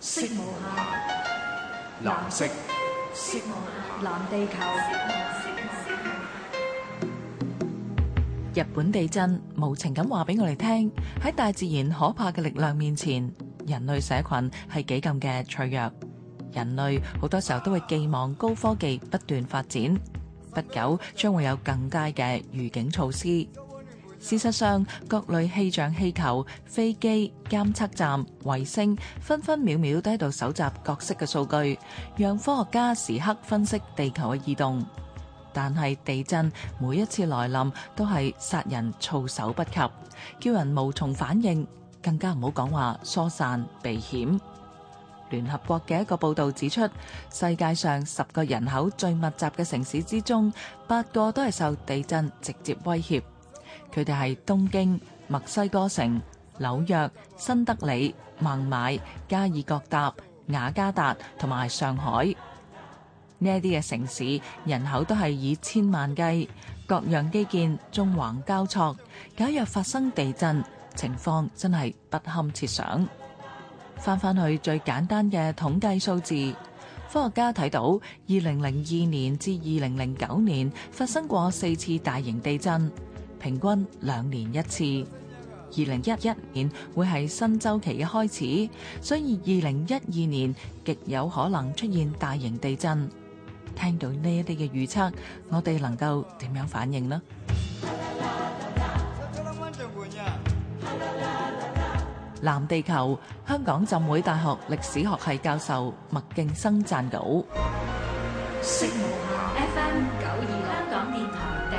色無暇，藍色，色色藍地球色。日本地震無情咁話俾我哋聽，喺大自然可怕嘅力量面前，人類社群係幾咁嘅脆弱。人類好多時候都會寄望高科技不斷發展，不久將會有更佳嘅預警措施。事實上，各類氣象氣球、飛機、監測站、衛星，分分秒秒都喺度搜集各式嘅數據，讓科學家時刻分析地球嘅異動。但係地震每一次來臨，都係殺人措手不及，叫人無從反應，更加唔好講話疏散避險。聯合國嘅一個報道指出，世界上十個人口最密集嘅城市之中，八個都係受地震直接威脅。佢哋係東京、墨西哥城、紐約、新德里、孟買、加爾各答、雅加達同埋上海呢一啲嘅城市，人口都係以千萬計，各樣基建縱橫交錯。假若發生地震，情況真係不堪設想。翻翻去最簡單嘅統計數字，科學家睇到二零零二年至二零零九年發生過四次大型地震。平均兩年一次，二零一一年會係新周期嘅開始，所以二零一二年極有可能出現大型地震。聽到呢一啲嘅預測，我哋能夠點樣反應呢？藍地球香港浸會大學歷史學系教授麥勁生撰稿。